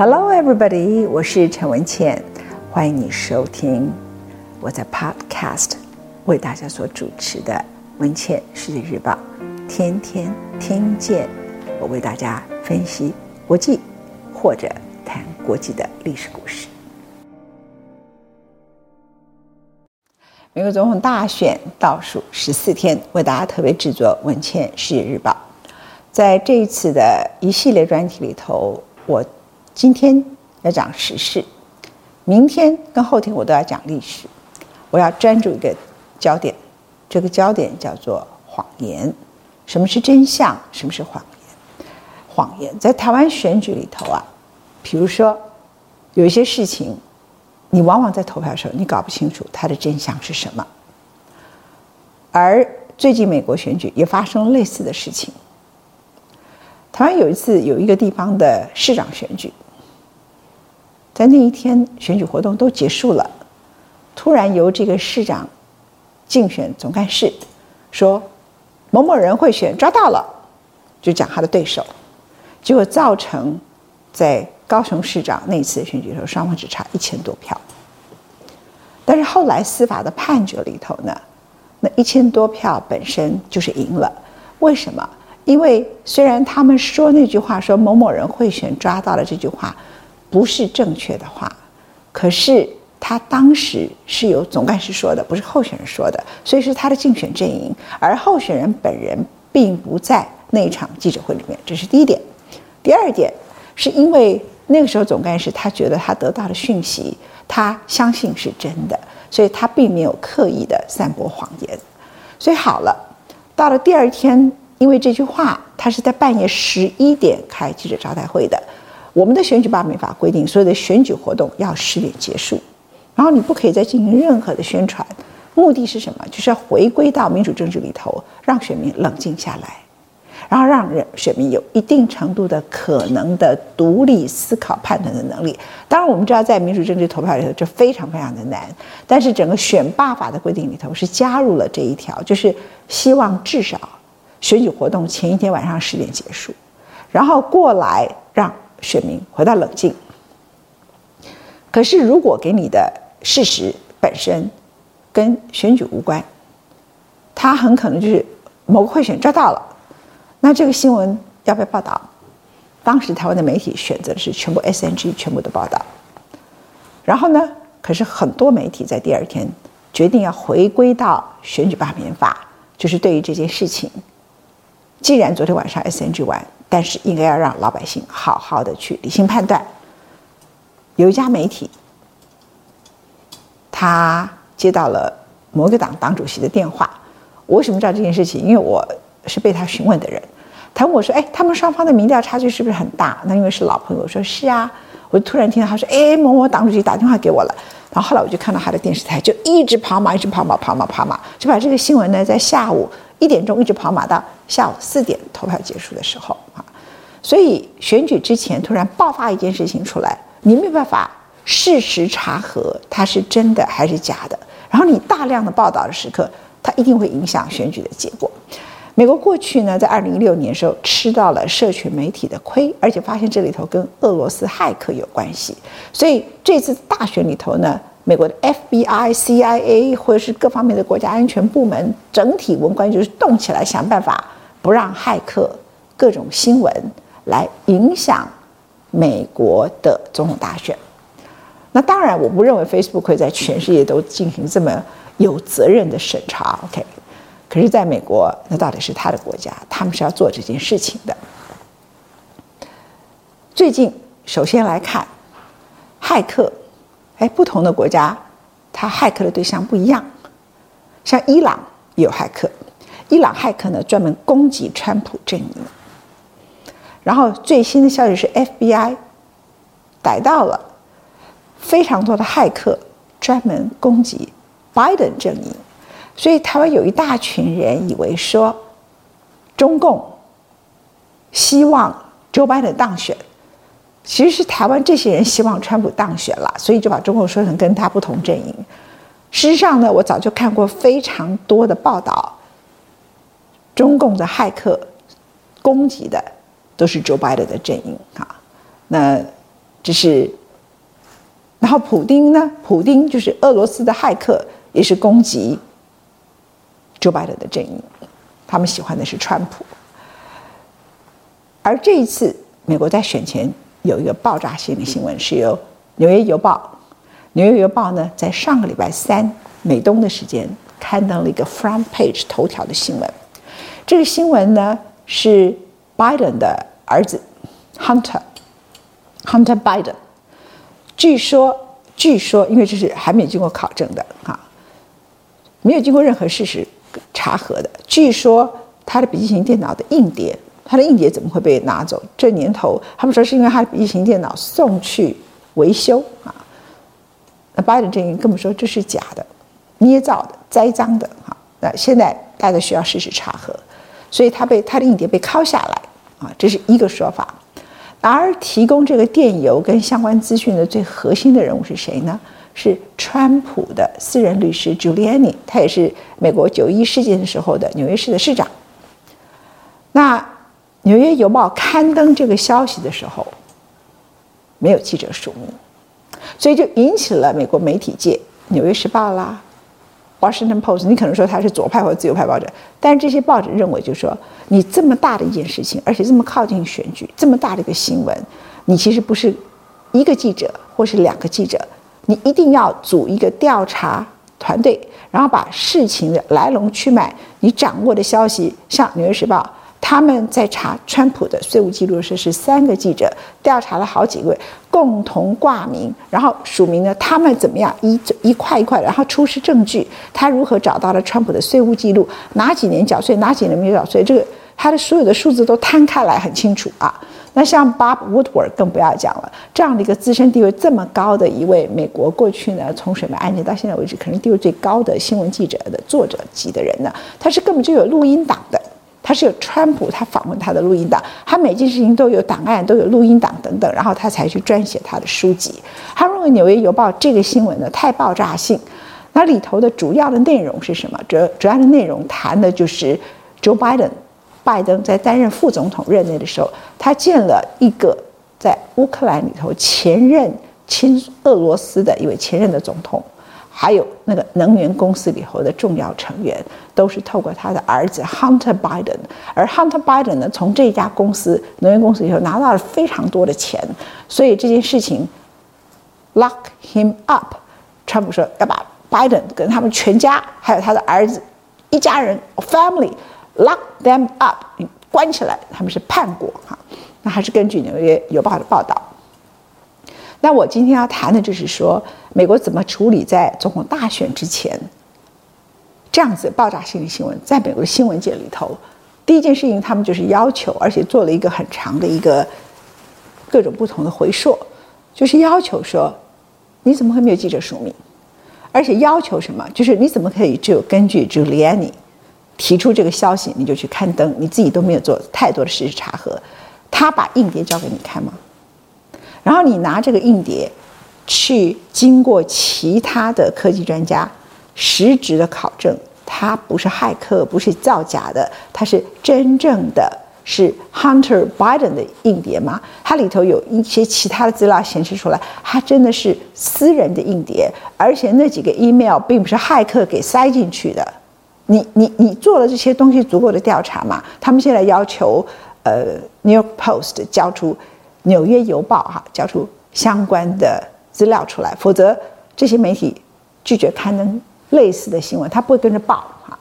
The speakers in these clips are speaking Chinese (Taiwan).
Hello, everybody！我是陳文茜，歡迎你收聽我在 Podcast 為大家所主持的《文茜世界日報》，天天聽見我為大家分析國際或者談國際的歷史故事。美國總統大選倒數十四天，為大家特別製作《文茜世界日報》。在這一次的一系列專題裡頭，我，今天要講時事，明天跟後天我都要講歷史。我要專注一個焦點，這個焦點叫做謊言。什麼是真相？什麼是謊言？謊言在台灣選舉裡頭啊，比如說有一些事情，你往往在投票的時候，你搞不清楚它的真相是什麼。而最近美國選舉也發生了類似的事情。台灣有一次有一個地方的市長選舉。在那一天，選舉活動都結束了，突然由這個市長競選總幹事說某某人賄選抓到了，就講他的對手，結果造成在高雄市長那一次選舉的時候，雙方只差一千多票。但是後來司法的判決裡頭呢，那一千多票本身就是贏了。為什麼？因為雖然他們說那句話說某某人賄選抓到了這句話。不是正確的話，可是他當時是由總幹事說的，不是候選人說的，所以是他的競選陣營，而候選人本人並不在那場記者會裡面，這是第一點。第二點，是因為那個時候總幹事他覺得他得到的訊息，他相信是真的，所以他並沒有刻意的散播謊言。所以好了，到了第二天，因為這句話，他是在半夜十一點開記者招待會的。我們的選舉罷免法規定，所有的選舉活動要十點結束，然後你不可以再進行任何的宣傳。目的是什麼？就是要回歸到民主政治裡頭，讓選民冷靜下來，然後讓人選民有一定程度的可能的獨立思考、判斷的能力。當然，我們知道在民主政治投票裡頭，這非常非常的難。但是整個選罷法的規定裡頭是加入了這一條，就是希望至少選舉活動前一天晚上十點結束，然後過來讓。選民回到冷靜。可是，如果給你的事實本身跟選舉無關，他很可能就是某個賄選抓到了，那這個新聞要不要報道？當時台灣的媒體選擇的是全部 SNG 全部的報道。然後呢？可是很多媒體在第二天決定要回歸到選舉罷免法，就是對於這件事情，既然昨天晚上 SNG 完。但是應該要讓老百姓好好的去理性判斷。有一家媒體，他接到了某個黨黨主席的電話。我為什麼知道這件事情？因為我是被他詢問的人。他問我說：“哎，他們雙方的民調差距是不是很大？”那因為是老朋友，我說：“是啊。”我就突然聽到他說：“哎，某某黨主席打電話給我了。”然後後來我就看到他的電視台就一直跑馬，一直跑馬，跑馬跑馬，就把這個新聞呢，在下午一點鐘一直跑馬到下午四點投票結束的時候。所以選舉之前突然爆發一件事情出來，你沒有辦法事實查核它是真的還是假的，然後你大量的報道的時刻，它一定會影響選舉的結果。美國過去呢，在二零一六年時候吃到了社群媒體的虧，而且發現這裡頭跟俄羅斯駭客有關係。所以這次大選裡頭呢，美國的 FBI、CIA 或者是各方面的國家安全部門整體文官就是動起來，想辦法不讓駭客各種新聞，來影響美國的總統大選。那當然，我不認為 Facebook 會在全世界都進行這麼有責任的審查。OK，可是在美國，那到底是他的國家，他們是要做這件事情的。最近，首先來看，駭客，哎，不同的國家，他駭客的對象不一樣。像伊朗也有駭客，伊朗駭客呢，專門攻擊川普陣營。然後最新的消息是，FBI 逮到了非常多的駭客，專門攻擊拜登陣營，所以台灣有一大群人以為說，中共希望喬拜登當選，其實是台灣這些人希望川普當選了，所以就把中共說成跟他不同陣營。事實上呢，我早就看過非常多的報道，中共的駭客攻擊的。都是 Joe Biden 的陣營啊，那這是，然後普丁呢？普丁就是俄羅斯的駭客，也是攻擊 Joe Biden 的陣營，他們喜歡的是川普。而這一次，美國在選前有一個爆炸性的新聞，是由紐約郵報《紐約郵報呢》《紐約郵報》呢在上個禮拜三美東的時間刊登了一個 front page 頭條的新聞，這個新聞呢是 Biden 的。兒子，Hunter，Hunter Hunter Biden，據說，據說，因為這是還沒有經過考證的啊，沒有經過任何事實查核的。據說他的筆記型電腦的硬碟，他的硬碟怎麼會被拿走？這年頭，他們說是因為他的筆記型電腦送去維修啊。那拜登這個人跟我們說這是假的，捏造的，栽贓的啊。那現在大家需要事實查核，所以他被他的硬碟被拷下來。啊，這是一個說法，而提供這個電郵跟相關資訊的最核心的人物是誰呢？是川普的私人律師朱利安尼，他也是美國九一事件的時候的紐約市的市長。那《紐約郵報》刊登這個消息的時候，沒有記者署名，所以就引起了美國媒體界，《紐約時報》啦。Washington Post，你可能說他是左派或自由派報紙，但是這些報紙認為，就是說，你這麼大的一件事情，而且這麼靠近選舉，這麼大的一個新聞，你其實不是一個記者或是兩個記者，你一定要組一個調查團隊，然後把事情的來龍去脈，你掌握的消息，向《紐約時報》。他們在查川普的稅務記錄時，是三個記者調查了好幾位，共同掛名，然後署名的。他們怎麼樣一一塊一塊，然後出示證據。他如何找到了川普的稅務記錄？哪幾年繳稅，哪幾年沒繳稅？這個他的所有的數字都攤開來很清楚啊。那像 Bob Woodward 更不要講了，這樣的一個資深地位這麼高的一位美國過去呢，從水門案件到現在為止，可能地位最高的新聞記者的作者級的人呢，他是根本就有錄音檔的。他是有川普，他訪問他的錄音檔，他每件事情都有檔案，都有錄音檔等等，然後他才去撰寫他的書籍。他認為《紐約郵報》這個新聞呢太爆炸性，那裡頭的主要的內容是什麼？主主要的內容談的就是 Joe Biden，拜登在擔任副總統任內的時候，他見了一個在烏克蘭裡頭前任親俄羅斯的一位前任的總統。還有那個能源公司裡頭的重要成員，都是透過他的兒子 Hunter Biden，而 Hunter Biden 呢，從這家公司能源公司裡頭拿到了非常多的錢，所以這件事情 lock him up，川普說要把 Biden 跟他們全家，還有他的兒子一家人 family lock them up 關起來，他們是叛國哈，那還是根據紐約郵報的報道。那我今天要談的就是說，美國怎麼處理在總統大選之前這樣子爆炸性的新聞？在美國的新聞界裡頭，第一件事情他們就是要求，而且做了一個很長的一個各種不同的回溯，就是要求說，你怎麼會沒有記者署名？而且要求什麼？就是你怎麼可以只有根據 Giuliani 提出這個消息你就去刊登？你自己都沒有做太多的事實查核？他把硬碟交給你看嗎？然後你拿這個硬碟，去經過其他的科技專家實質的考證，它不是駭客，不是造假的，它是真正的，是 Hunter Biden 的硬碟嘛。它裡頭有一些其他的資料顯示出來，它真的是私人的硬碟，而且那幾個 email 並不是駭客給塞進去的。你你你做了這些東西足夠的調查嗎？他們現在要求，呃，New York Post 交出。紐約郵報哈、啊、交出相關的資料出來，否則這些媒體拒絕刊登類似的新聞，他不會跟着報哈。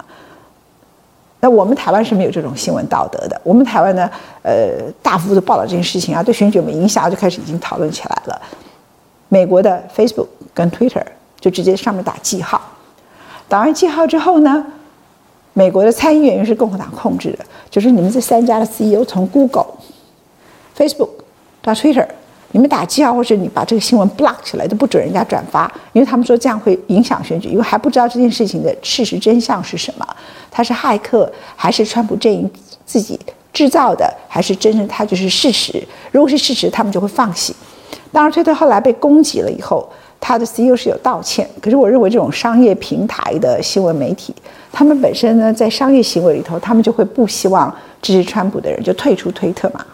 那我們台灣是沒有這種新聞道德的。我們台灣呢，呃，大幅度報道這件事情啊，對選舉有影響，就開始已經討論起來了。美國的 Facebook 跟 Twitter 就直接上面打記號，打完記號之後呢，美國的參議院是共和黨控制的，就是你們這三家的 CEO 從 Google、Facebook。把 Twitter，你們打擊啊，或者你把這個新聞 block 起來，都不准人家轉發，因為他們說這樣會影響選舉，因為還不知道這件事情的事實真相是什麼，他是駭客，還是川普陣營自己製造的，還是真正他就是事實？如果是事實，他們就會放棄。當然，推特後來被攻擊了以後，他的 CEO 是有道歉，可是我認為這種商業平台的新聞媒體，他們本身呢，在商業行為裡頭，他們就會不希望支持川普的人就退出推特嘛。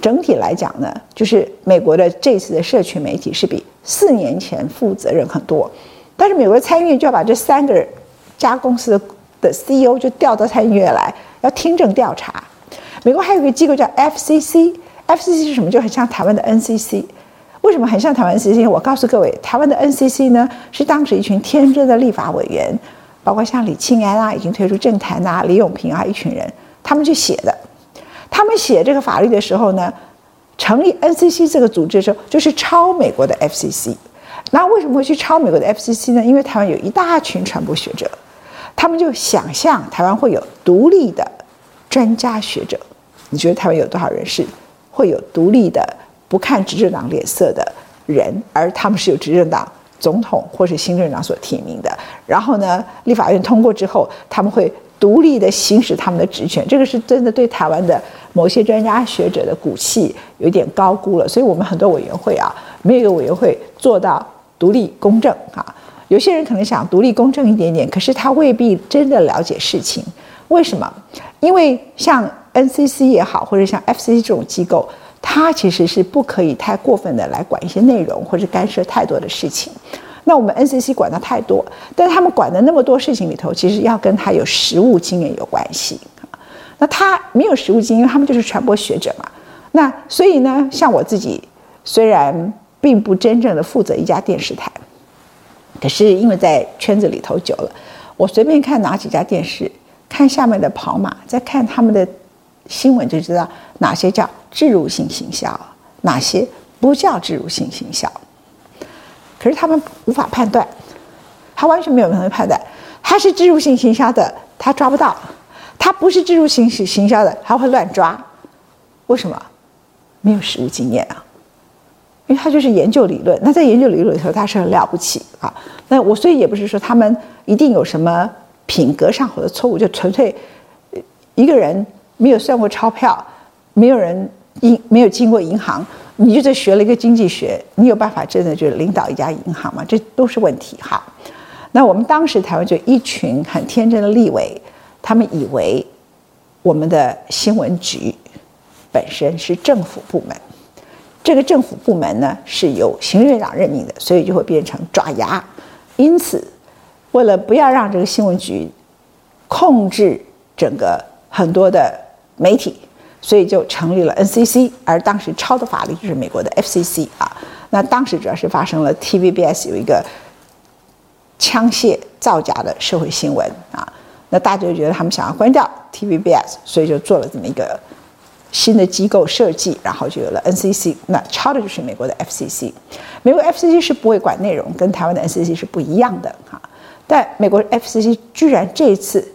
整體來講呢，就是美國的這次的社群媒體是比四年前負責任很多。但是美國參議院就要把這三個人家公司的的 CEO 就調到參議院來，要聽證調查。美國還有一個機構叫 FCC，FCC 是什麼？就很像台灣的 NCC。為什麼很像台灣的 NCC？我告訴各位，台灣的 NCC 呢是當時一群天真的立法委員，包括像李慶安啊，已經退出政壇啊，李永平啊一群人，他們去寫的。他們寫這個法律的時候呢，成立 NCC 這個組織的時候，就是抄美國的 FCC。那為什麼會去抄美國的 FCC 呢？因為台灣有一大群傳播學者，他們就想象台灣會有獨立的專家學者。你覺得台灣有多少人是會有獨立的、不看執政黨臉色的人？而他們是由執政黨總統或是新政黨所提名的。然後呢，立法院通過之後，他們會獨立的行使他們的職權，這個是真的對台灣的某些專家學者的骨氣有點高估了。所以我們很多委員會啊，沒有一個委員會做到獨立公正啊。有些人可能想獨立公正一點點，可是他未必真的了解事情。為什麼？因為像 NCC 也好，或者像 FCC 這種機構，它其實是不可以太過分的來管一些內容，或者干涉太多的事情。那我們 NCC 管的太多，但是他們管的那麼多事情裡頭，其實要跟他有實務經驗有關係。那他沒有實務經驗，他們就是傳播學者嘛。那所以呢，像我自己雖然並不真正的負責一家電視台，可是因為在圈子裡頭久了，我隨便看哪幾家電視，看下面的跑馬，再看他們的新聞，就知道哪些叫置入性行銷，哪些不叫置入性行銷。可是他們無法判斷，他完全沒有能力判斷，他是植入性行銷的，他抓不到；他不是植入性行行銷的，他會亂抓，為什麼？沒有實務經驗啊，因為他就是研究理論。那在研究理論裡頭，他是很了不起啊。那我所以也不是說他們一定有什麼品格上或者錯誤，就純粹一個人沒有算過鈔票，沒有人銀沒有經過銀行。你就在學了一個經濟學，你有辦法真的就領導一家銀行嗎？這都是問題哈。那我們當時台灣就一群很天真的立委，他們以為我們的新聞局本身是政府部門，這個政府部門呢是由行政院長任命的，所以就會變成爪牙。因此，為了不要讓這個新聞局控制整個很多的媒體。所以就成立了 NCC，而當時抄的法律就是美國的 FCC 啊。那當時主要是發生了 TVBS 有一個槍械造假的社會新聞啊，那大家就覺得他們想要關掉 TVBS，所以就做了這麼一個新的機構設計，然後就有了 NCC。那抄的就是美國的 FCC，美國 FCC 是不會管內容，跟台灣的 NCC 是不一樣的哈、啊。但美國 FCC 居然這一次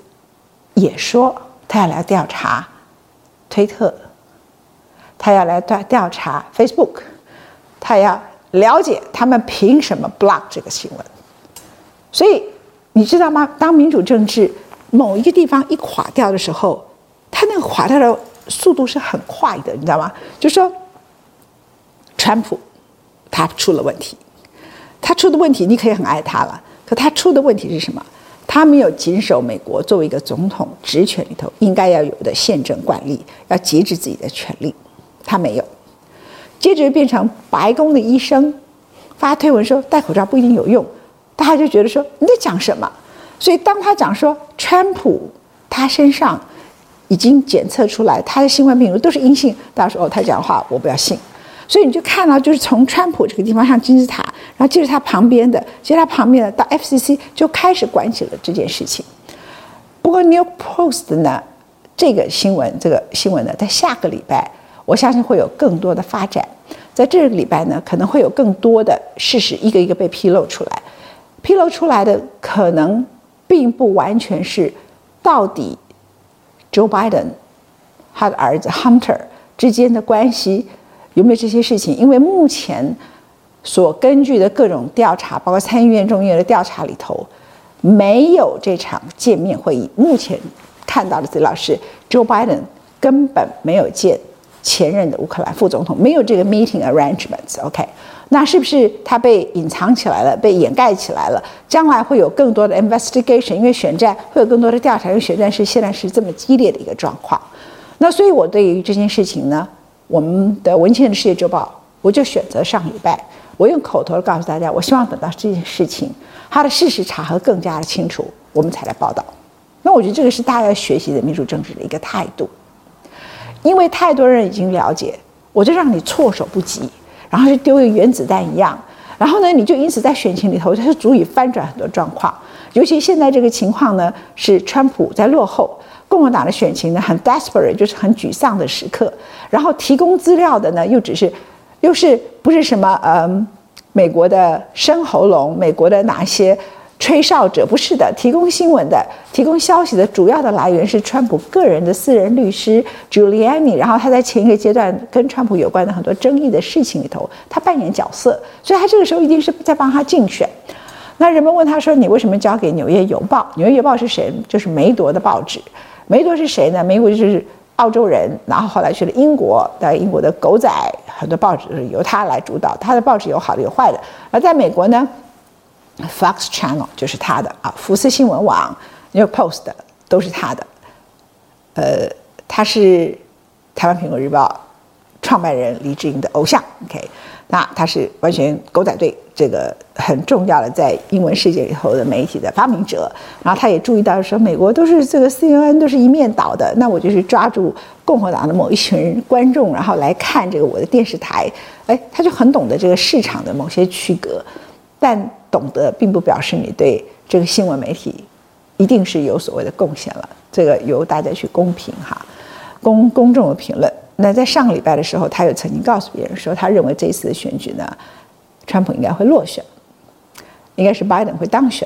也說他要來調查。推特，他要來調調查 Facebook，他要了解他們憑什麼 block 這個新聞。所以你知道嗎？當民主政治某一個地方一垮掉的時候，它那個垮掉的速度是很快的，你知道嗎？就說，川普他出了問題，他出的問題你可以很愛他了，可他出的問題是什麼？他沒有謹守美國作為一個總統職權裡頭應該要有的憲政慣例，要節制自己的權利，他沒有。接着變成白宮的醫生發推文說戴口罩不一定有用，大家就覺得說你在講什麼？所以當他講說川普他身上已經檢測出來他的新冠病毒都是陰性，到時候他講話我不要信。所以你就看到，就是從川普這個地方上金字塔，然後接着他旁邊的，接着他旁邊的到 FCC 就開始管起了這件事情。不過《New Post》呢，這個新聞，這個新聞呢，在下個禮拜，我相信會有更多的發展。在這個禮拜呢，可能會有更多的事實一個一個被披露出來。披露出來的可能並不完全是到底 Joe Biden 他的兒子 Hunter 之間的關係。有沒有這些事情？因為目前所根據的各種調查，包括參議院、眾議院的調查裡頭，沒有這場見面會議。目前看到的資料是，Joe Biden 根本沒有見前任的烏克蘭副總統，沒有這個 meeting arrangements，OK，那是不是他被隱藏起來了，被掩蓋起來了？將來會有更多的 investigation，因為選戰會有更多的調查，因為選戰是現在是這麼激烈的一個狀況。那所以，我對於這件事情呢？我們的《文茜的世界週報》，我就選擇上禮拜，我用口頭告訴大家，我希望等到這件事情它的事實查核更加的清楚，我們才來報道。那我覺得這個是大家學習的民主政治的一個態度，因為太多人已經了解，我就讓你措手不及，然後就丟個原子彈一樣，然後呢，你就因此在選情裡頭，它就足以翻轉很多狀況。尤其現在這個情況呢，是川普在落後。共和黨的選情呢，很 desperate，就是很沮喪的時刻。然後提供資料的呢，又只是，又是不是什麼嗯、呃，美國的深喉嚨，美國的哪些吹哨者？不是的，提供新聞的、提供消息的主要的來源是川普個人的私人律師 Giuliani。然後他在前一個階段跟川普有關的很多爭議的事情裡頭，他扮演角色，所以他這個時候一定是在幫他競選。那人們問他說：“你為什麼交給紐約郵報《紐約郵報》？《紐約郵報》是誰？就是梅鐸的報紙。”梅多是誰呢？梅多就是澳洲人，然後後來去了英國，但英國的狗仔很多報紙是由他來主導，他的報紙有好的有壞的。而在美國呢，Fox Channel 就是他的啊，福斯新聞網、New Post 都是他的。呃，他是台灣蘋果日報創辦人黎智英的偶像。OK。那他是完全狗仔隊，這個很重要的在英文世界裡頭的媒體的發明者。然後他也注意到說，美國都是這個 CNN 都是一面倒的，那我就是抓住共和黨的某一群觀眾，然後來看這個我的電視台。哎，他就很懂得這個市場的某些區隔，但懂得並不表示你對這個新聞媒體一定是有所謂的貢獻了。這個由大家去公評哈，公公眾的評論。那在上個禮拜的時候，他又曾經告訴別人說，他認為這一次的選舉呢，川普應該會落選，應該是拜登會當選。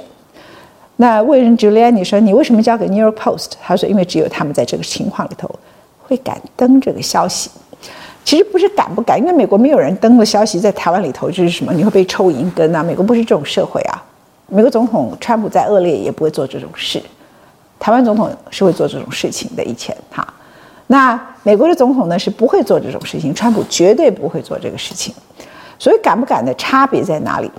那問 Giuliani，你說你為什麼交給 New York Post？他說，因為只有他們在這個情況裡頭會敢登這個消息。其實不是敢不敢，因為美國沒有人登的消息在台灣裡頭就是什麼，你會被抽銀根啊！美國不是這種社會啊！美國總統川普再惡劣也不會做這種事，台灣總統是會做這種事情的。以前他。哈那美國的總統呢，是不會做這種事情，川普絕對不會做這個事情，所以敢不敢的差別在哪裡？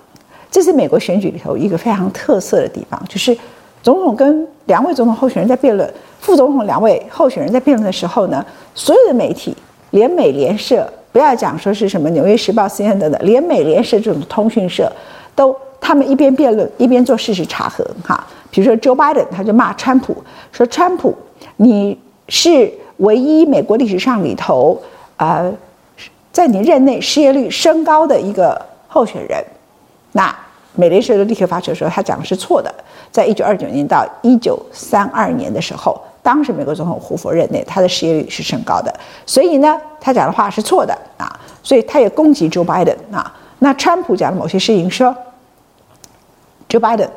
這是美國選舉裡頭一個非常特色的地方，就是總統跟兩位總統候選人在辯論，副總統兩位候選人在辯論的時候呢，所有的媒體，連美聯社，不要講說是什麼《紐約時報》、《CNN 等等》，連美聯社這種通訊社，都他們一邊辯論一邊做事實查核，哈，比如說 Joe Biden 他就罵川普，說川普你是。唯一美國歷史上裡頭，啊、呃，在你任內失業率升高的一個候選人，那美聯社的立刻發車說他講的是錯的。在一九二九年到一九三二年的時候，當時美國總統胡佛任內，他的失業率是升高的，所以呢，他講的話是錯的啊。所以他也攻擊 Joe Biden 啊。那川普講的某些事情說，Joe Biden，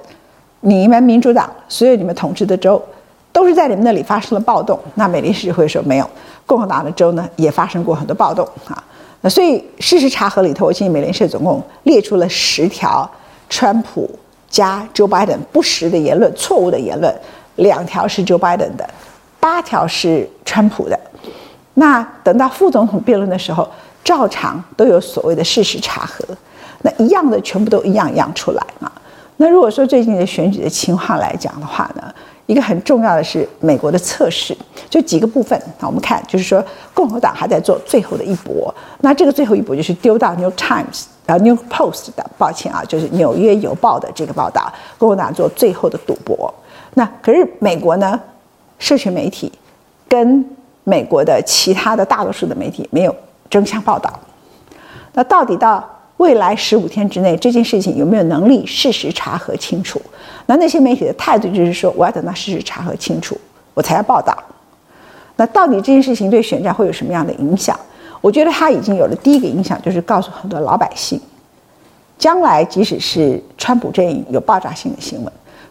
你們民主黨所有你們統治的州。都是在你們那裡發生了暴動，那美聯社就會說沒有。共和黨的州呢也發生過很多暴動啊，那所以事實查核裡頭，我記得美聯社總共列出了十條川普加 Joe Biden 不實的言論、錯誤的言論，兩條是 Joe Biden 的，八條是川普的。那等到副總統辯論的時候，照常都有所謂的事實查核，那一樣的全部都一樣一樣出來啊。那如果說最近的選舉的情況來講的話呢？一個很重要的是美國的測試，就幾個部分啊，那我們看就是說，共和黨還在做最後的一搏。那這個最後一搏就是丟到《New Times》啊，《New Post》的，抱歉啊，就是《紐約郵報》的這個報道，共和黨做最後的賭博。那可是美國呢，社群媒體，跟美國的其他的大多數的媒體沒有爭相報道。那到底到？未來十五天之內，這件事情有沒有能力事實查核清楚？那那些媒體的態度就是說，我要等到事實查核清楚，我才要報道。那到底這件事情對選戰會有什麼樣的影響？我覺得他已經有了第一個影響，就是告訴很多老百姓，將來即使是川普陣營有爆炸性的新聞，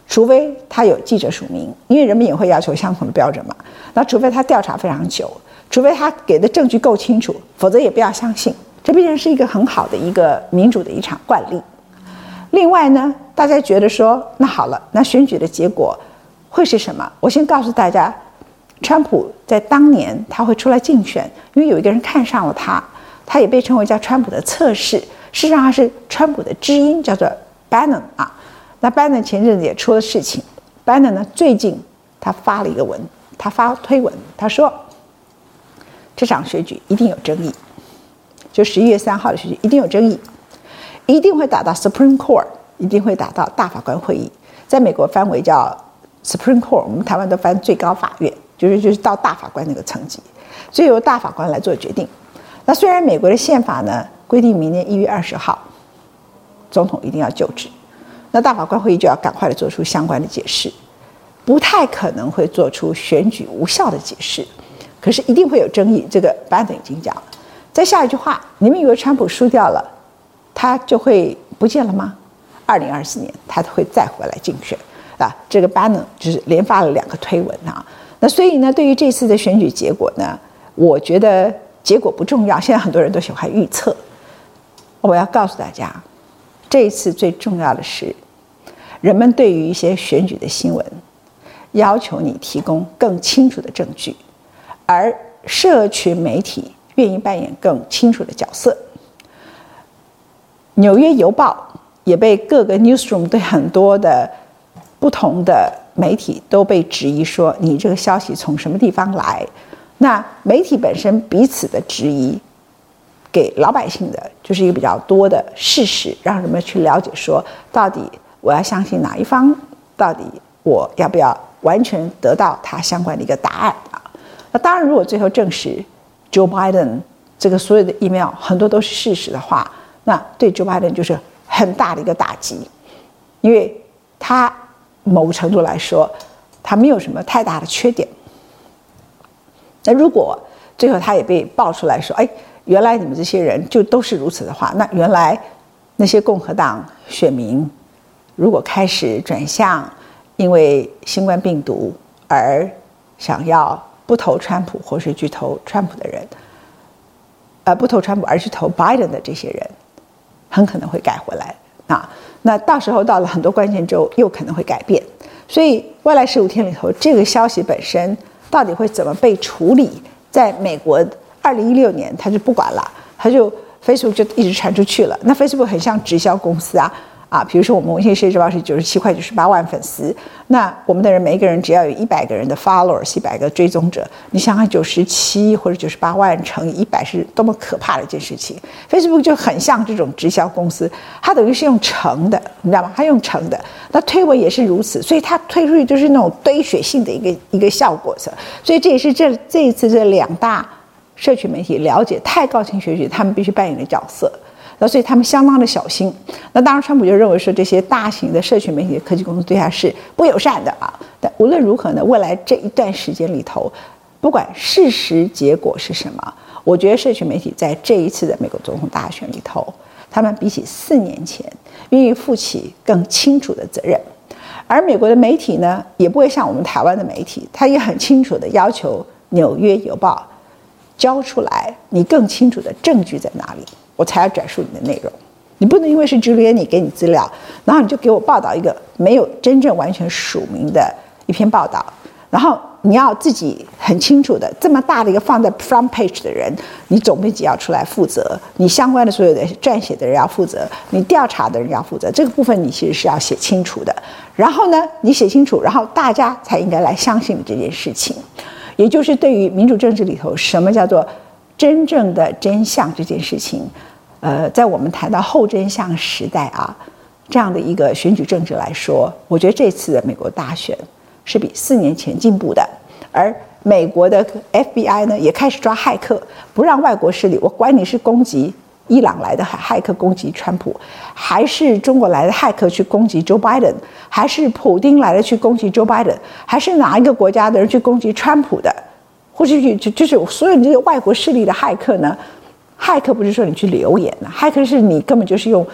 除非他有記者署名，因為人們也會要求相同的標準嘛。那除非他調查非常久，除非他給的證據夠清楚，否則也不要相信。這畢竟是一個很好的一個民主的一場慣例。另外呢，大家覺得說，那好了，那選舉的結果會是什麼？我先告訴大家，川普在當年他會出來競選，因為有一個人看上了他，他也被稱為叫川普的策士，事實上他是川普的知音，叫做 Bannon 啊。那 Bannon 前陣子也出了事情，Bannon 呢，最近他發了一個文，他發推文，他說這場選舉一定有爭議。就十一月三號的選舉一定有爭議，一定會打到 Supreme Court，一定會打到大法官會議。在美國翻為叫 Supreme Court，我們台灣都翻最高法院，就是就是到大法官那個層級，所以由大法官來做決定。那雖然美國的憲法呢規定明年一月二十號總統一定要就職，那大法官會議就要趕快的做出相關的解釋，不太可能會做出選舉無效的解釋，可是一定會有爭議。這個拜登已經講了。再下一句話，你們以為川普輸掉了，他就會不見了嗎？二零二四年他都會再回來競選啊！這個班農就是連發了兩個推文啊。那所以呢，對於這次的選舉結果呢，我覺得結果不重要。現在很多人都喜歡預測，我要告訴大家，這一次最重要的是，人們對於一些選舉的新聞，要求你提供更清楚的證據，而社群媒體。願意扮演更清楚的角色，紐約郵報也被各個 newsroom 對很多的不同的媒體都被質疑說：“你這個消息從什麼地方來？”那媒體本身彼此的質疑，給老百姓的就是一個比較多的事實，讓人們去了解說：到底我要相信哪一方？到底我要不要完全得到它相關的一個答案啊？那當然，如果最後證實，Joe Biden 這個所有的 email 很多都是事實的話，那對 Joe Biden 就是很大的一個打擊，因為他某程度來說，他沒有什麼太大的缺點。那如果最後他也被爆出來說，哎，原來你們這些人就都是如此的話，那原來那些共和黨選民如果開始轉向，因為新冠病毒而想要。不投川普，或是去投川普的人，呃，不投川普，而是投拜登的這些人，很可能會改回來。那、啊、那到時候到了很多關鍵州，又可能會改變。所以未來十五天裡頭，這個消息本身到底會怎麼被處理？在美國2016，二零一六年他就不管了，他就 Facebook 就一直傳出去了。那 Facebook 很像直銷公司啊。啊，比如說我們文茜世界日報是九十七塊九十八萬粉絲，那我們的人每一個人只要有一百個人的 followers，一百個追蹤者，你想想九十七或者九十八萬乘以一百是多麼可怕的一件事情。Facebook 就很像這種直銷公司，它等於是用乘的，你知道嗎？它用乘的，那推文也是如此，所以它推出去就是那種堆雪性的一個一個效果。所以這也是這這一次這兩大社群媒體了解太高清選舉，他們必須扮演的角色。所以他們相當的小心。那當然，川普就認為說這些大型的社群媒體的科技公司對他是不友善的啊。但無論如何呢，未來這一段時間裡頭，不管事實結果是什麼，我覺得社群媒體在這一次的美國總統大選裡頭，他們比起四年前願意負起更清楚的責任。而美國的媒體呢，也不會像我們台灣的媒體，他也很清楚的要求《紐約郵報》交出來，你更清楚的證據在哪裡。我才要轉述你的內容，你不能因為是直 i g 給你資料，然後你就給我報道一個沒有真正完全署名的一篇報道，然後你要自己很清楚的，這麼大的一個放在 front page 的人，你總編輯要出來負責，你相關的所有的撰寫的人要負責，你調查的人要負責，這個部分你其實是要寫清楚的。然後呢，你寫清楚，然後大家才應該來相信你這件事情。也就是對於民主政治裡頭，什麼叫做？真正的真相這件事情，呃，在我們談到後真相時代啊，這樣的一個選舉政治來說，我覺得這次的美國大選是比四年前進步的。而美國的 FBI 呢，也開始抓駭客，不讓外國勢力。我管你是攻擊伊朗來的駭客攻擊川普，還是中國來的駭客去攻擊 Joe Biden，還是普丁來的去攻擊 Joe Biden，還是哪一個國家的人去攻擊川普的？或是就就是所有這些外國勢力的駭客呢，駭客不是說你去留言呢。駭客是你根本就是用，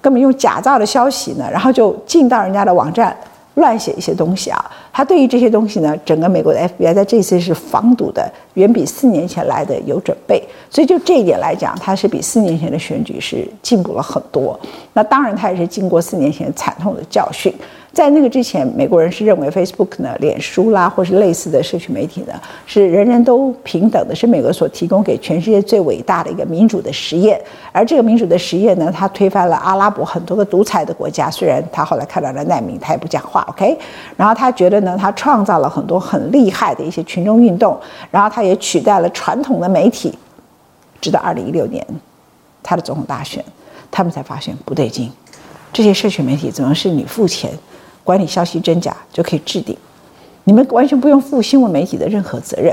根本用假造的消息呢，然後就進到人家的網站亂寫一些東西啊。他對於這些東西呢，整個美國的 FBI 在這次是防堵的，遠比四年前來的有準備。所以就這一點來講，他是比四年前的選舉是進步了很多。那當然，他也是經過四年前慘痛的教訓。在那個之前，美國人是認為 Facebook 呢、臉書啦，或是類似的社群媒體呢，是人人都平等的，是美國所提供給全世界最偉大的一個民主的實驗。而這個民主的實驗呢，它推翻了阿拉伯很多個獨裁的國家。雖然他後來看到了難民，他也不講話，OK。然後他覺得呢，他創造了很多很厲害的一些群眾運動，然後他也取代了傳統的媒體，直到二零一六年他的總統大選，他們才發現不對勁。這些社群媒體只能是你付錢，管理消息真假就可以置頂，你們完全不用負新聞媒體的任何責任。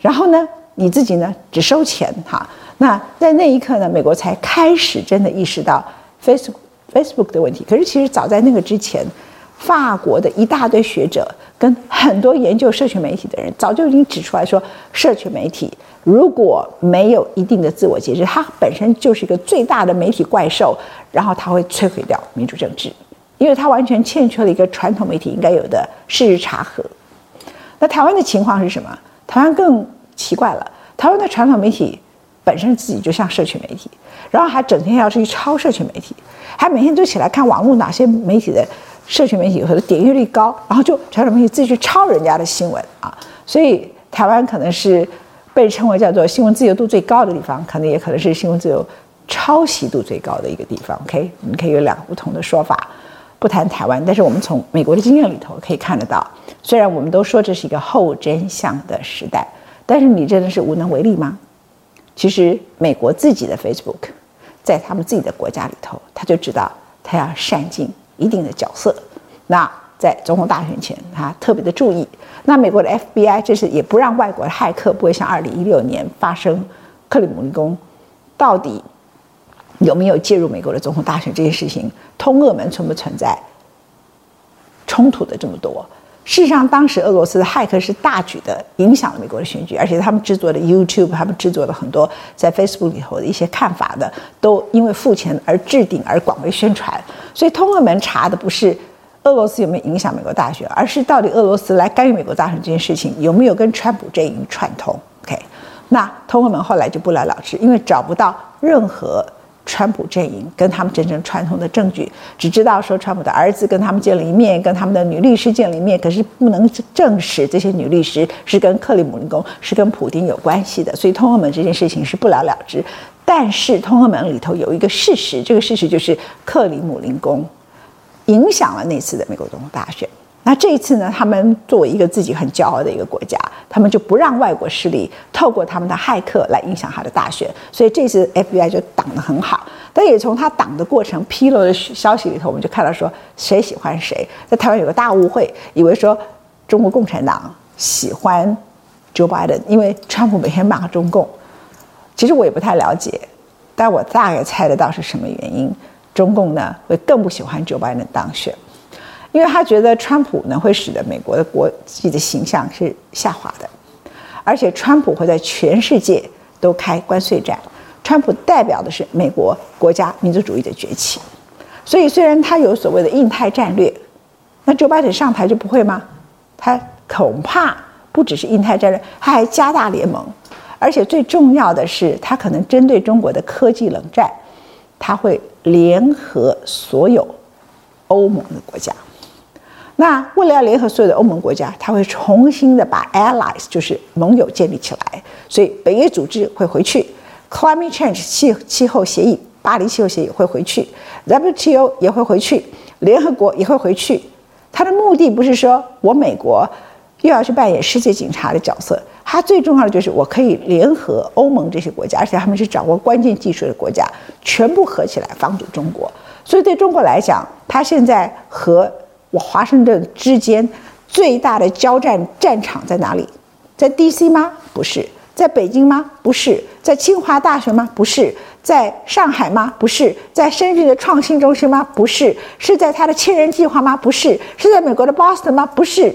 然後呢，你自己呢只收錢哈。那在那一刻呢，美國才開始真的意識到 Facebook Facebook 的問題。可是其實早在那個之前，法國的一大堆學者跟很多研究社群媒體的人早就已經指出來說，社群媒體如果沒有一定的自我節制，它本身就是一個最大的媒體怪獸，然後它會摧毀掉民主政治。因為它完全欠缺了一個傳統媒體應該有的事實查核。那台灣的情況是什麼？台灣更奇怪了。台灣的傳統媒體本身自己就像社群媒體，然後還整天要去抄社群媒體，還每天都起來看網絡哪些媒體的社群媒體有的點擊率率高，然後就傳統媒體自己去抄人家的新聞啊。所以台灣可能是被稱為叫做新聞自由度最高的地方，可能也可能是新聞自由抄襲度最高的一個地方。OK，我們可以有兩個不同的說法。不談台灣，但是我們從美國的經驗裡頭可以看得到，雖然我們都說這是一個後真相的時代，但是你真的是無能為力嗎？其實美國自己的 Facebook，在他們自己的國家裡頭，他就知道他要善盡一定的角色。那在總統大選前，他特別的注意。那美國的 FBI 就是也不讓外國的駭客，不會像2016年發生克里姆林宮，到底。有沒有介入美國的總統大選這件事情？通俄門存不存在衝突的這麼多？事實上，當時俄羅斯的駭客是大舉的影響了美國的選舉，而且他們制作的 YouTube，他們制作了很多在 Facebook 裡頭的一些看法的，都因為付錢而置頂而廣為宣傳。所以通俄門查的不是俄羅斯有沒有影響美國大選，而是到底俄羅斯來干預美國大選這件事情有沒有跟川普陣營串通。OK，那通俄門後來就不了了之，因為找不到任何。川普陣營跟他們真正串通的證據，只知道說川普的兒子跟他們見了一面，跟他們的女律師見了一面，可是不能證實這些女律師是跟克里姆林宮是跟普丁有關係的，所以通俄門這件事情是不了了之。但是通俄門裡頭有一個事實，這個事實就是克里姆林宮影響了那次的美國總統大選。那這一次呢？他們作為一個自己很驕傲的一個國家，他們就不讓外國勢力透過他們的駭客來影響他的大選。所以這次 FBI 就擋得很好，但也從他擋的過程披露的消息裡頭，我們就看到說誰喜歡誰。在台灣有個大誤會，以為說中國共產黨喜歡 Joe Biden，因為川普每天罵中共。其實我也不太了解，但我大概猜得到是什麼原因，中共呢會更不喜歡 Joe Biden 當選。因為他覺得川普呢會使得美國的國際的形象是下滑的，而且川普會在全世界都開關稅戰。川普代表的是美國國家民族主義的崛起，所以雖然他有所謂的印太戰略，那 Joe Biden 上台就不會嗎？他恐怕不只是印太戰略，他還加大聯盟，而且最重要的是，他可能針對中國的科技冷戰，他會聯合所有歐盟的國家，那為了要聯合所有的歐盟國家，他會重新的把 allies，就是盟友建立起來，所以北約組織會回去，climate change 氣、氣候協議，巴黎氣候協議會回去，WTO 也會回去，聯合國也會回去。他的目的不是說我美國又要去扮演世界警察的角色，他最重要的就是我可以聯合歐盟這些國家，而且他們是掌握關鍵技術的國家，全部合起來防堵中國。所以對中國來講，他現在和我華盛頓之間最大的交戰戰場在哪裡？在 D.C 嗎？不是。在北京嗎？不是。在清華大學嗎？不是。在上海嗎？不是。在深圳的創新中心嗎？不是。是在他的千人計劃嗎？不是。是在美國的 Boston 嗎？不是。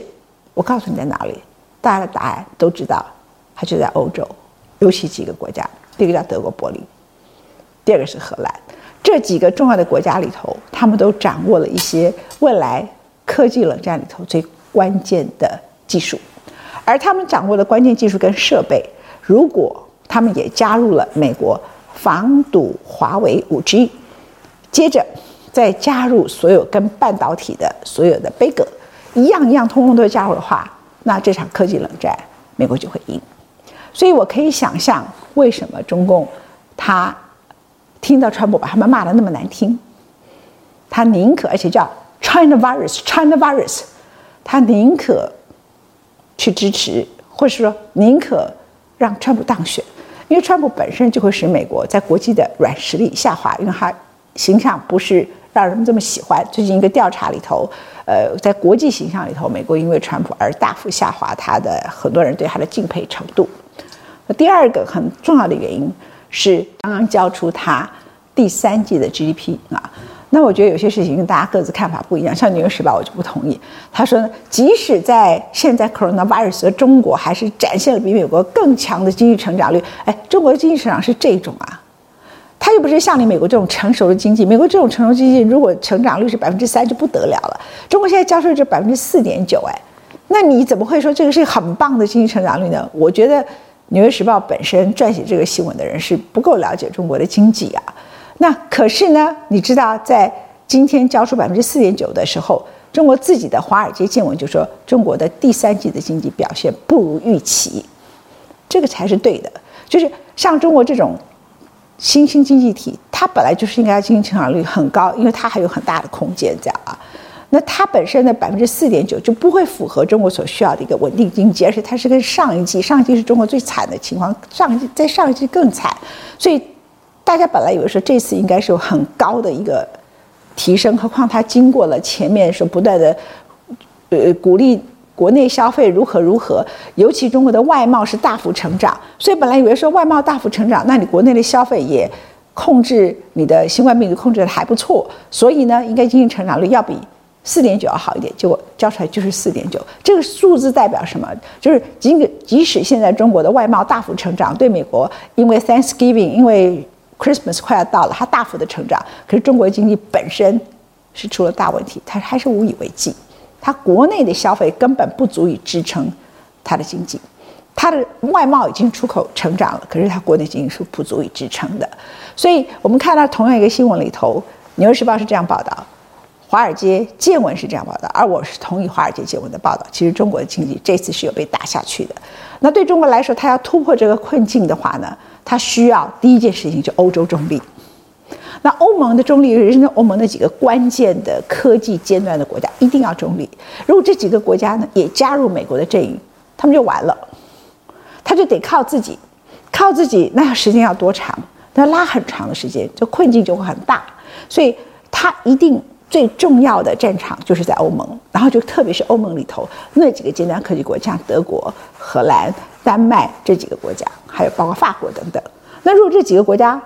我告訴你在哪裡，大家的答案都知道，他就在歐洲，尤其幾個國家，第一個叫德國柏林，第二個是荷蘭。這幾個重要的國家裡頭，他們都掌握了一些未來。科技冷戰裡頭最關鍵的技術，而他們掌握的關鍵技術跟設備，如果他們也加入了美國防堵華為 5G，接着再加入所有跟半導體的所有的 big 一樣一樣通通都加入的話，那這場科技冷戰美國就會贏。所以我可以想象，為什麼中共他聽到川普把他們罵得那麼難聽，他寧可而且叫，China virus, China virus，他寧可去支持，或是說寧可讓川普當選，因為川普本身就會使美國在國際的軟實力下滑，因為他形象不是讓人們這麼喜歡。最近一個調查裡頭，呃，在國際形象裡頭，美國因為川普而大幅下滑他的很多人對他的敬佩程度。第二個很重要的原因是剛剛交出他第三季的 GDP 啊。那我覺得有些事情跟大家各自看法不一樣，像《紐約時報》我就不同意。他說呢，即使在現在 coronavirus 的中國，還是展現了比美國更強的經濟成長率。哎，中國的經濟成長是這種啊？他又不是像你美國這種成熟的經濟。美國這種成熟經濟，如果成長率是百分之三就不得了了。中國現在交稅是百分之四點九，哎，那你怎麼會說這個是很棒的經濟成長率呢？我覺得《紐約時報》本身撰寫這個新聞的人是不夠了解中國的經濟啊。那可是呢，你知道，在今天交出百分之四點九的時候，中國自己的《華爾街見聞》就說中國的第三季的經濟表現不如預期，這個才是對的。就是像中國這種新興經濟體，它本來就是應該經濟成長率很高，因為它還有很大的空間，這樣啊。那它本身的百分之四點九就不會符合中國所需要的一個穩定經濟，而且它是跟上一季，上一季是中國最慘的情況，上一季在上一季更慘，所以。大家本來以為說這次應該是有很高的一個提升，何況它經過了前面說不斷的，呃鼓勵國內消費如何如何，尤其中國的外貿是大幅成長，所以本來以為說外貿大幅成長，那你國內的消費也控制，你的新冠病毒控制的還不錯，所以呢應該經濟成長率要比四點九要好一點，結果交出來就是四點九，這個數字代表什麼？就是儘管即使現在中國的外貿大幅成長，對美國因為 Thanksgiving，因為。Christmas 快要到了，它大幅的成長，可是中國經濟本身是出了大問題，它還是無以為繼，它國內的消費根本不足以支撐它的經濟，它的外貿已經出口成長了，可是它國內經濟是不足以支撐的，所以我們看到同樣一個新聞裡頭，《紐約時報》是這樣報道，《華爾街見聞》是這樣報道，而我是同意《華爾街見聞》的報道。其實中國的經濟這次是有被打下去的，那對中國來說，它要突破這個困境的話呢？他需要第一件事情就是歐洲中立，那歐盟的中立，尤其是歐盟那幾個關鍵的科技尖端的國家一定要中立。如果這幾個國家呢也加入美國的陣營，他們就完了，他就得靠自己，靠自己，那時間要多長？那拉很長的時間，這困境就會很大。所以，他一定最重要的戰場就是在歐盟，然後就特別是歐盟裡頭那幾個尖端科技國家，德國、荷蘭。丹麥這幾個國家，還有包括法國等等，那如果這幾個國家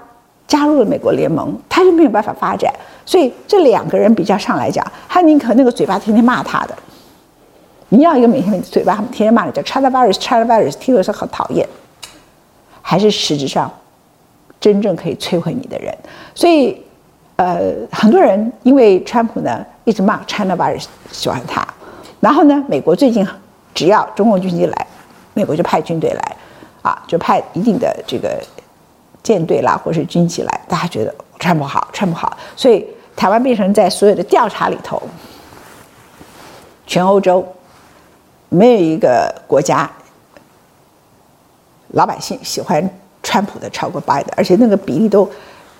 加入了美國聯盟，他就沒有辦法發展。所以這兩個人比較上來講，還寧可那個嘴巴天天罵他的，你要一個每天嘴巴他天天罵你叫 China virus, China virus 聽的時候很討厭，還是實質上真正可以摧毀你的人。所以，呃，很多人因為川普呢一直罵 China virus 喜歡他，然後呢，美國最近只要中共軍機來。美國就派軍隊來，啊，就派一定的這個艦隊啦，或者是軍機來，大家覺得川普好，川普好，所以台灣變成在所有的調查裡頭，全歐洲沒有一個國家老百姓喜歡川普的超過拜登，而且那個比例都，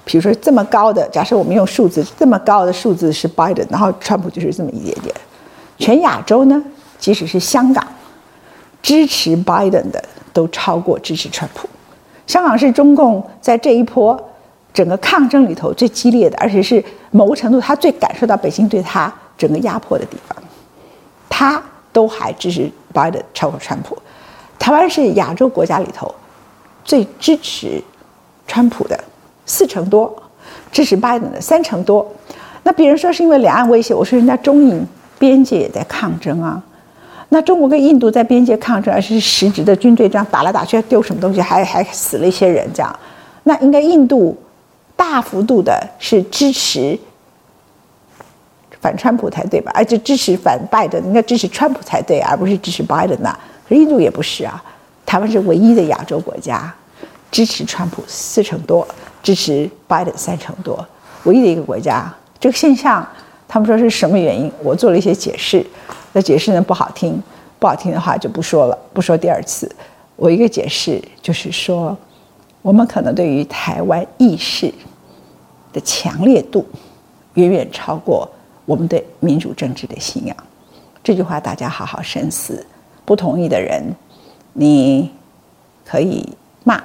比如說這麼高的，假設我們用數字，這麼高的數字是拜登，然後川普就是這麼一點點。全亞洲呢，即使是香港，支持拜登的都超過支持川普。香港是中共在這一波整個抗爭裡頭最激烈的，而且是某個程度他最感受到北京對他整個壓迫的地方，他都還支持拜登超過川普。台灣是亞洲國家裡頭最支持川普的四成多，支持拜登的三成多。那別人說是因為兩岸威脅，我說人家中印邊界也在抗爭啊。那中國跟印度在邊界抗爭，而是實質的軍隊這樣打來打去，丟什麼東西，還還死了一些人這樣。那應該印度大幅度的是支持反川普才對吧？而且支持反拜登，應該支持川普才對，而不是支持拜登那、啊、可是印度也不是啊。台灣是唯一的亞洲國家，支持川普四成多，支持拜登三成多，唯一的一個國家。這個現象。他們說是什麼原因？我做了一些解釋，那解釋呢，不好聽，不好聽的話就不說了，不說第二次。我一個解釋就是說，我們可能對於台灣意識的強烈度，遠遠超過我們對民主政治的信仰。這句話大家好好深思。不同意的人，你可以罵，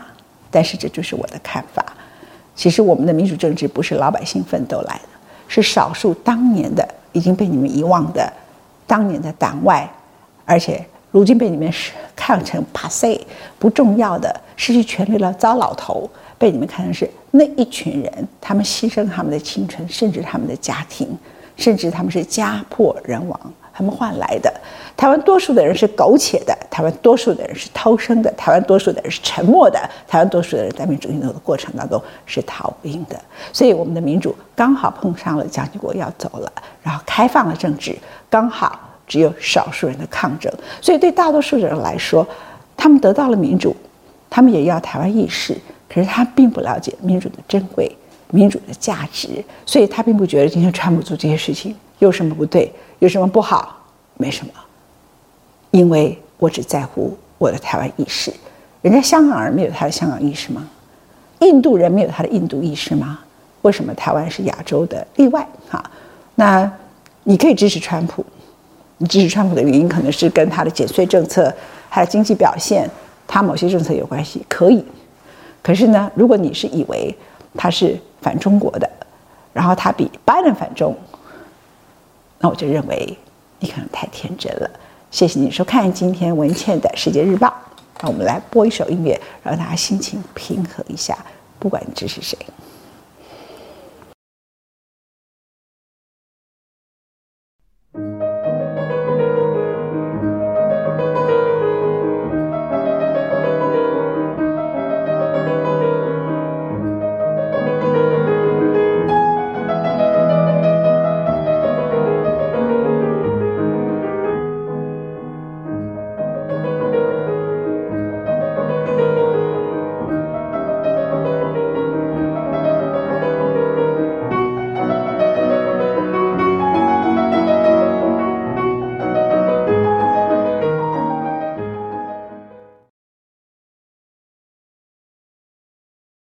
但是這就是我的看法。其實我們的民主政治不是老百姓奮鬥來的。是少數當年的已經被你們遺忘的，當年的黨外，而且如今被你們看成 passé 不重要的，失去權力了糟老頭，被你們看成是那一群人，他們犧牲他們的青春，甚至他們的家庭，甚至他們是家破人亡。他們換來的，台灣多數的人是苟且的，台灣多數的人是偷生的，台灣多數的人是沉默的，台灣多數的人在民主運動的過程當中是逃兵的。所以我們的民主剛好碰上了蔣經國要走了，然後開放了政治，剛好只有少數人的抗爭。所以對大多數人來說，他們得到了民主，他們也要台灣意識，可是他並不了解民主的珍貴，民主的價值，所以他並不覺得今天川普做這些事情有什麼不對。有什麼不好？沒什麼，因為我只在乎我的台灣意識。人家香港人沒有他的香港意識嗎？印度人沒有他的印度意識嗎？為什麼台灣是亞洲的例外？哈，那你可以支持川普，你支持川普的原因可能是跟他的減稅政策，他的經濟表現，他某些政策有關係，可以。可是呢，如果你是以為他是反中國的，然後他比拜登反中，那我就認為你可能太天真了。謝謝你收看今天文茜的世界日報。讓我們來播一首音樂，讓大家心情平和一下，不管你支持誰。